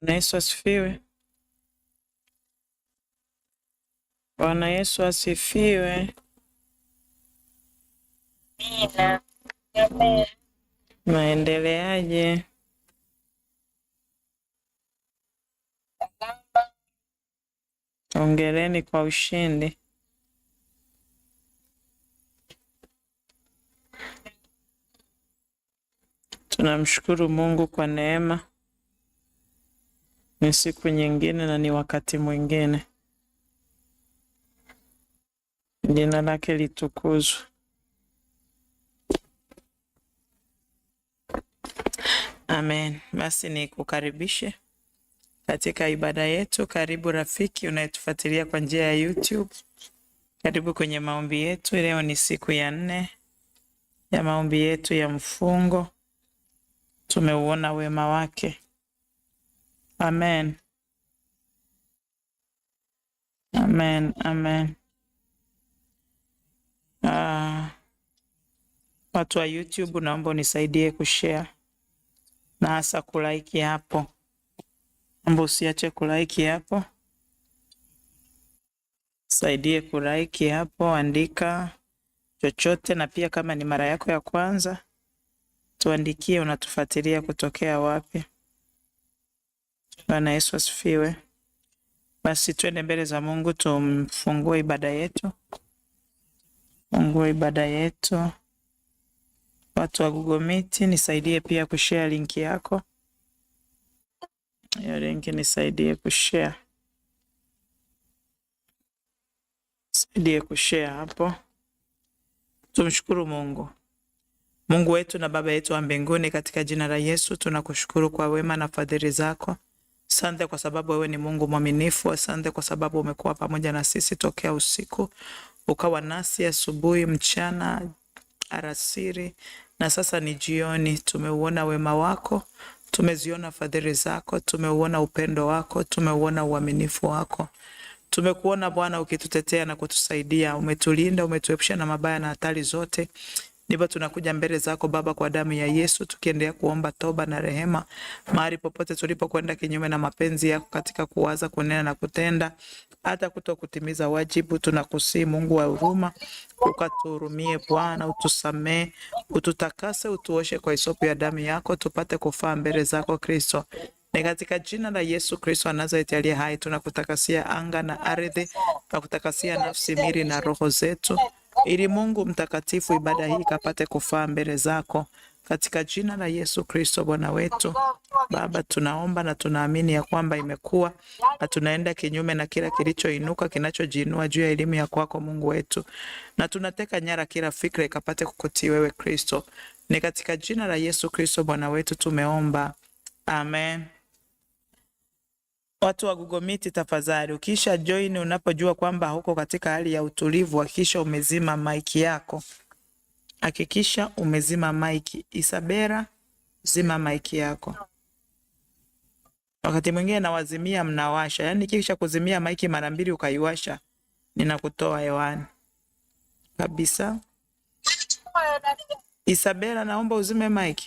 Bwana Yesu asifiwe. Bwana Yesu asifiwe. Maendeleaje? Ongereni kwa ushindi. Tunamshukuru Mungu kwa neema ni siku nyingine na ni wakati mwingine. Jina lake litukuzwe. Amen. Basi ni kukaribishe katika ibada yetu. Karibu rafiki unayetufuatilia kwa njia ya YouTube, karibu kwenye maombi yetu. Leo ni siku ya nne ya maombi yetu ya mfungo. Tumeuona wema wake Amen. Amen. Amen. Uh, watu wa YouTube naomba unisaidie kushare na hasa kulaiki hapo. Naomba usiache kulaiki hapo, saidie kulaiki hapo, andika chochote, na pia kama ni mara yako ya kwanza tuandikie unatufuatilia kutokea wapi. Bwana Yesu asifiwe. Basi twende mbele za Mungu, tumfungue ibada yetu, fungue ibada yetu. Watu wa Google Meet, nisaidie pia kushare linki yako, hiyo linki nisaidie kushare, saidie kushare hapo. Tumshukuru Mungu. Mungu wetu na Baba yetu wa mbinguni, katika jina la Yesu tunakushukuru kwa wema na fadhili zako Asante kwa sababu wewe ni Mungu mwaminifu. Asante kwa sababu umekuwa pamoja na sisi tokea usiku, ukawa nasi asubuhi, mchana, arasiri na sasa ni jioni. Tumeuona wema wako, tumeziona fadhili zako, tumeuona upendo wako, tumeuona uaminifu wako. Tumekuona Bwana ukitutetea na kutusaidia, umetulinda, umetuepusha na mabaya na hatari zote. Ndipo tunakuja mbele zako Baba kwa damu ya Yesu, tukiendelea kuomba toba na rehema mahali popote tulipokwenda kinyume na mapenzi yako katika kuwaza, kunena na kutenda, hata kuto kutimiza wajibu. Tunakusii Mungu wa huruma, ukatuhurumie Bwana, utusamee, ututakase, utuoshe kwa isopo ya damu yako, tupate kufaa mbele zako Kristo. Ni katika jina la Yesu Kristo anazaeti aliye hai tunakutakasia anga na ardhi, tunakutakasia nafsi, miri na roho zetu ili Mungu mtakatifu, ibada hii kapate kufaa mbele zako katika jina la Yesu Kristo Bwana wetu. Baba, tunaomba na tunaamini ya kwamba imekuwa na tunaenda kinyume na kila kilichoinuka kinachojiinua juu ya elimu ya kwako Mungu wetu, na tunateka nyara kila fikra ikapate kukutii wewe Kristo. Ni katika jina la Yesu Kristo Bwana wetu tumeomba, amen watu wa Google Meet tafadhali, ukisha join, unapojua kwamba huko katika hali ya utulivu, hakikisha umezima mic yako. Hakikisha umezima mic. Isabela, zima mic yako. Wakati mwingine nawazimia, mnawasha. Yani kisha kuzimia mic mara mbili ukaiwasha, ninakutoa hewani kabisa. Isabela, naomba uzime mic.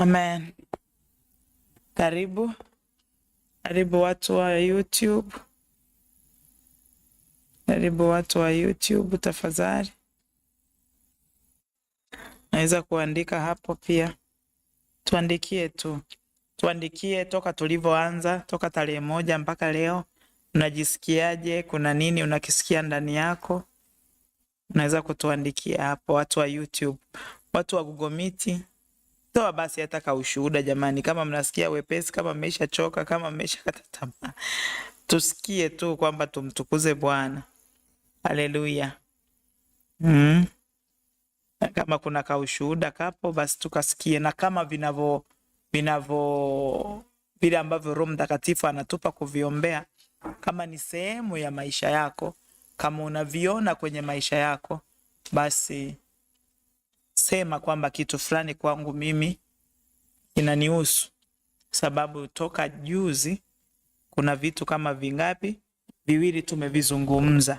Amen. Karibu karibu watu wa YouTube, karibu watu wa YouTube tafadhali. Naweza kuandika hapo pia, tuandikie tu, tuandikie toka tulivyoanza, toka tarehe moja mpaka leo, unajisikiaje? Kuna nini unakisikia ndani yako? Unaweza kutuandikia hapo, watu wa YouTube, watu wa Google Meet toa basi hata ka ushuhuda jamani, kama mnasikia wepesi, kama mmeisha choka, kama mmeisha tamaa, tusikie tu kwamba tumtukuze Bwana. Haleluya! mm. Kama kuna ka ushuhuda kapo, basi tukasikie, na kama vinavo vinavo vile ambavyo Roho Mtakatifu anatupa kuviombea, kama ni sehemu ya maisha yako, kama unaviona kwenye maisha yako, basi kusema kwamba kitu fulani kwangu mimi inanihusu, sababu toka juzi kuna vitu kama vingapi viwili tumevizungumza.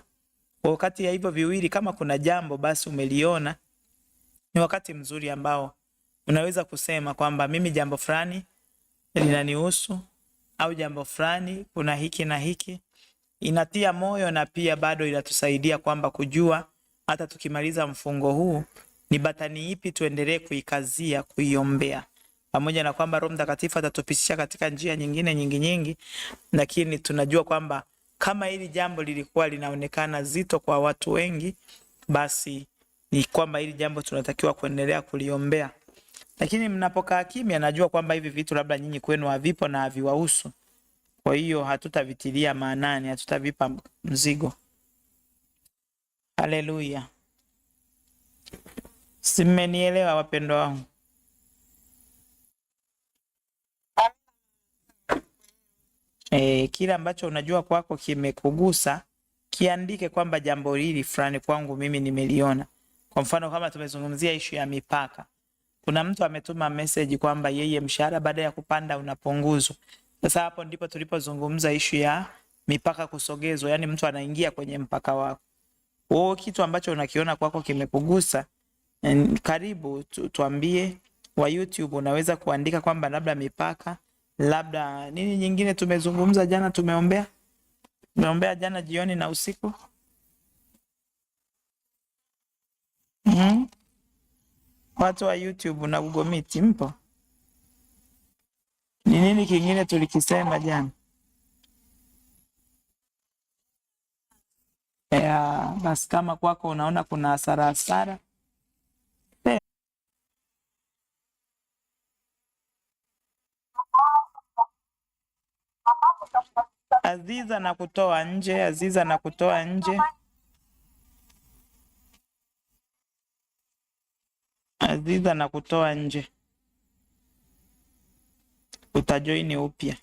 Kwa Wakati ya hivyo viwili, kama kuna jambo basi umeliona, ni wakati mzuri ambao unaweza kusema kwamba mimi jambo fulani linanihusu au jambo fulani kuna hiki na hiki. Inatia moyo na pia bado inatusaidia kwamba kujua hata tukimaliza mfungo huu ni batani ipi tuendelee kuikazia kuiombea, pamoja na kwamba Roho Mtakatifu atatupitisha katika njia nyingine nyingi nyingi, lakini tunajua kwamba kama hili jambo lilikuwa linaonekana zito kwa watu wengi, basi ni kwamba hili jambo tunatakiwa kuendelea kuliombea. Lakini mnapokaa kimya, najua kwamba hivi vitu labda nyinyi kwenu havipo na haviwahusu, kwa hiyo hatutavitilia maanani, hatutavipa mzigo. Haleluya. Si mmenielewa wapendwa wangu? E, eh, kile ambacho unajua kwako kimekugusa kiandike kwamba jambo hili fulani kwangu mimi nimeliona. Kwa mfano kama tumezungumzia ishu ya mipaka, kuna mtu ametuma meseji kwamba yeye mshahara baada ya kupanda unapunguzwa. Sasa hapo ndipo tulipozungumza ishu ya mipaka kusogezwa, yani mtu anaingia kwenye mpaka wako. Wewe kitu ambacho unakiona kwako kimekugusa Eh, karibu tu, tuambie wa YouTube unaweza kuandika kwamba labda mipaka, labda nini nyingine tumezungumza jana, tumeombea tumeombea jana jioni na usiku hmm? Watu wa YouTube na Google Meet mpo? Ni nini kingine tulikisema jana? Basi kama kwako unaona kuna hasara hasara Aziza na kutoa nje, Aziza na kutoa nje, Aziza na kutoa nje. Utajoini upya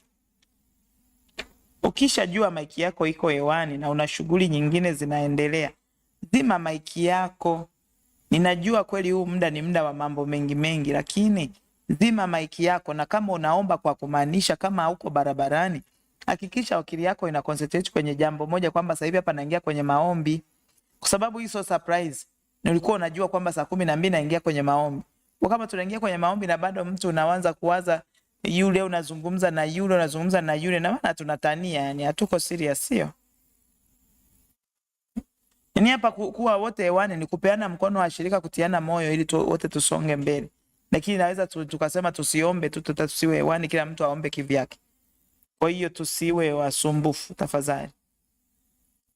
ukishajua maiki yako iko hewani na una shughuli nyingine zinaendelea. Zima maiki yako. Ninajua kweli huu muda ni muda wa mambo mengi mengi, lakini zima maiki yako, na kama unaomba kwa kumaanisha, kama uko barabarani hakikisha akili yako ina concentrate kwenye jambo moja, kwamba sasa hivi hapa naingia kwenye maombi, kwa sababu hii sio surprise. Nilikuwa unajua kwamba saa kumi na mbili naingia kwenye maombi. Kwa kama tunaingia kwenye maombi na bado mtu unaanza kuwaza yule unazungumza na yule unazungumza na yule, na maana tunatania, yani hatuko serious, sio? Ni hapa kuwa wote hewani ni kupeana mkono wa shirika, kutiana moyo ili tu, wote tusonge mbele, lakini naweza tukasema tusiombe tu, tusiwe hewani, kila mtu aombe kivyake. Kwa hiyo tusiwe wasumbufu tafadhali,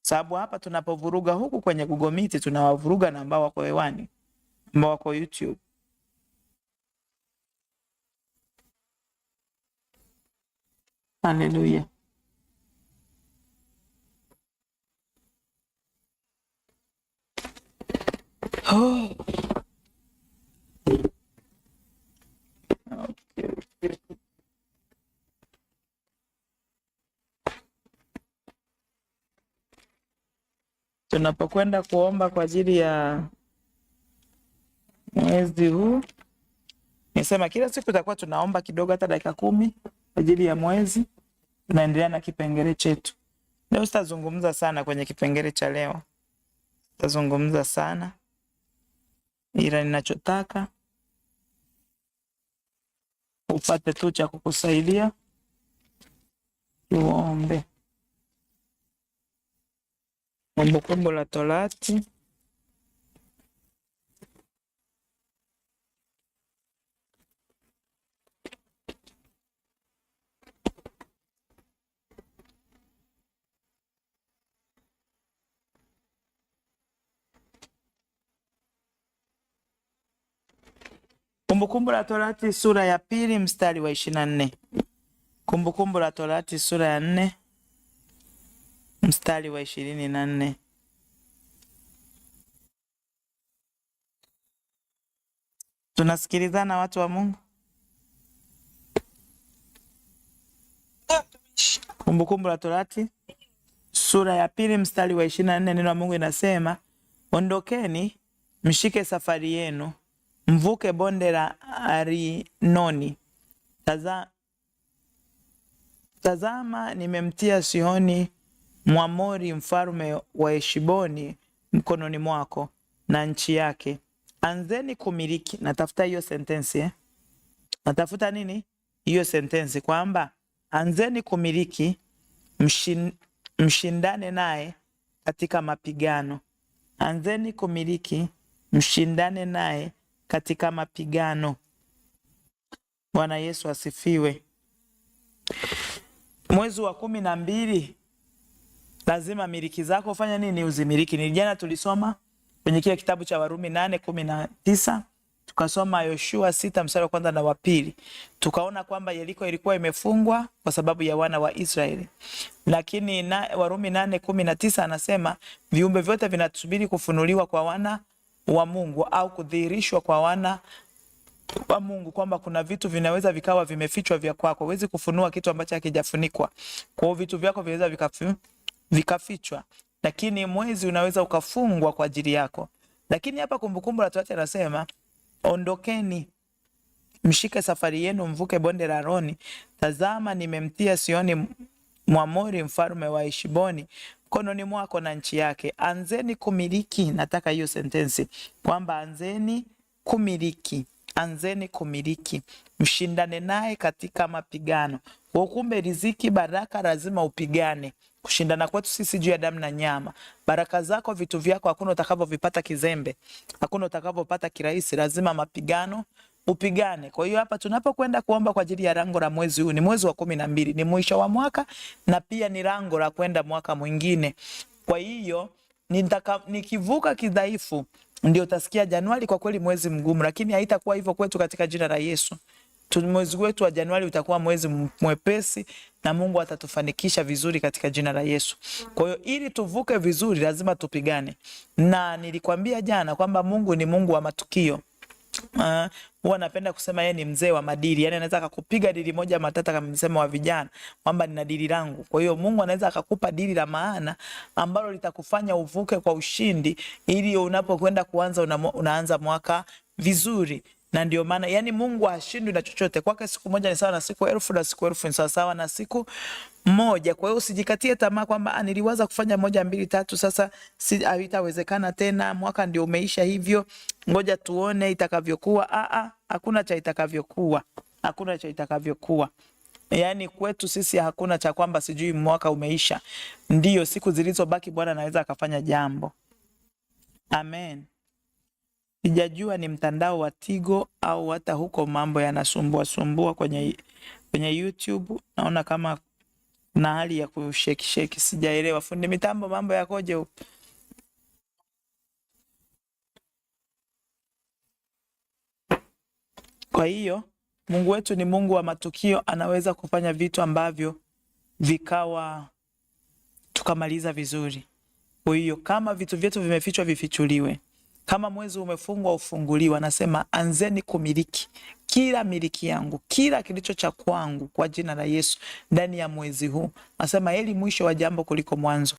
sababu hapa tunapovuruga huku kwenye Google Meet tunawavuruga na ambao wako hewani, ambao wako YouTube. Haleluya. Oh. tunapokwenda kuomba kwa ajili ya mwezi huu, nisema kila siku tutakuwa tunaomba kidogo, hata dakika kumi kwa ajili ya mwezi. Tunaendelea na kipengele chetu. Leo sitazungumza sana kwenye kipengele cha leo, sitazungumza sana ila ninachotaka upate tu cha kukusaidia tuombe. Kumbukumbu la Torati Kumbukumbu la Torati sura ya pili mstari wa ishirini na nne Kumbukumbu la Torati sura ya nne mstari wa ishirini na nne. Tunasikilizana watu wa Mungu. Kumbukumbu la Torati sura ya pili mstari wa ishirini na nne neno la Mungu inasema ondokeni, mshike safari yenu, mvuke bonde la Arinoni. Tazama, tazama nimemtia Sihoni Mwamori mfalme wa Heshiboni mkononi mwako na nchi yake. Anzeni kumiliki. Natafuta hiyo sentensi eh? Natafuta nini hiyo sentensi, kwamba anzeni kumiliki, mshin, mshindane naye katika mapigano. Anzeni kumiliki, mshindane naye katika mapigano. Bwana Yesu asifiwe. Mwezi wa kumi na mbili lazima miliki zako ufanya nini? Uzimiliki. Ni jana tulisoma kwenye kile kitabu cha Warumi nane kumi na tisa tukasoma Yoshua sita mstari wa kwanza na wa pili, tukaona kwamba Yeriko ilikuwa imefungwa kwa sababu ya wana wa Israeli, lakini na, Warumi nane kumi na tisa anasema viumbe vyote vinasubiri kufunuliwa kwa wana wa Mungu au kudhihirishwa kwa wana wa Mungu kwamba kuna vitu vinaweza vikawa vimefichwa vya kwako. Huwezi kufunua kitu ambacho hakijafunikwa. Kwa hiyo vitu vyako vinaweza vikafichwa, lakini mwezi unaweza ukafungwa kwa ajili yako. Lakini hapa Kumbukumbu la Torati anasema ondokeni, mshike safari yenu, mvuke bonde la Aroni. Tazama, nimemtia Sioni Mwamori mfalme wa ishiboni mkononi mwako na nchi yake. Anzeni kumiliki. Nataka hiyo sentensi kwamba anzeni kumiliki anzeni kumiliki, mshindane naye katika mapigano. Kwa kumbe riziki, baraka lazima upigane. Kushindana kwetu sisi juu ya damu na nyama. Baraka zako, vitu vyako, hakuna utakavyovipata kizembe, hakuna utakavyopata kirahisi, lazima mapigano upigane. Kwa hiyo hapa tunapokwenda kuomba kwa ajili ya lango la mwezi huu, ni mwezi wa kumi na mbili, ni mwisho wa mwaka na pia ni lango la kwenda mwaka mwingine. Kwa hiyo nitaka nikivuka kidhaifu ndio utasikia Januari kwa kweli mwezi mgumu, lakini haitakuwa hivyo kwetu katika jina la Yesu. Mwezi wetu wa Januari utakuwa mwezi mwepesi na Mungu atatufanikisha vizuri katika jina la Yesu. Kwa hiyo ili tuvuke vizuri lazima tupigane. Na nilikwambia jana kwamba Mungu ni Mungu wa matukio. Uh, huwa napenda kusema yeye ni mzee wa madili, yani anaweza akakupiga dili moja matata kama msemo wa vijana kwamba nina dili langu. Kwa hiyo Mungu anaweza akakupa dili la maana ambalo litakufanya uvuke kwa ushindi, ili unapokwenda kuanza una, unaanza mwaka vizuri na ndio maana yani Mungu hashindwi na chochote. Kwake siku moja ni sawa na siku elfu na siku elfu ni sawa sawa na siku moja. Kwa hiyo usijikatie tamaa kwamba ah, niliwaza kufanya moja mbili tatu, sasa si haitawezekana tena, mwaka ndio umeisha hivyo, ngoja tuone itakavyokuwa. A ah, a, ah, hakuna cha itakavyokuwa, hakuna cha itakavyokuwa. Yani kwetu sisi hakuna cha kwamba sijui mwaka umeisha. Ndiyo, siku zilizobaki Bwana anaweza akafanya jambo. Amen. Sijajua ni mtandao wa Tigo au hata huko mambo yanasumbua sumbua kwenye, kwenye YouTube naona kama na hali ya kusheki sheki, sijaelewa. Fundi mitambo, mambo yakoje huko? Kwa hiyo Mungu wetu ni Mungu wa matukio, anaweza kufanya vitu ambavyo vikawa tukamaliza vizuri. Kwa hiyo kama vitu vyetu vimefichwa vifichuliwe. Kama mwezi umefungwa ufunguliwa, nasema anzeni kumiliki kila miliki yangu, kila kilicho cha kwangu kwa jina la Yesu ndani ya mwezi huu. Nasema heri mwisho wa jambo kuliko mwanzo.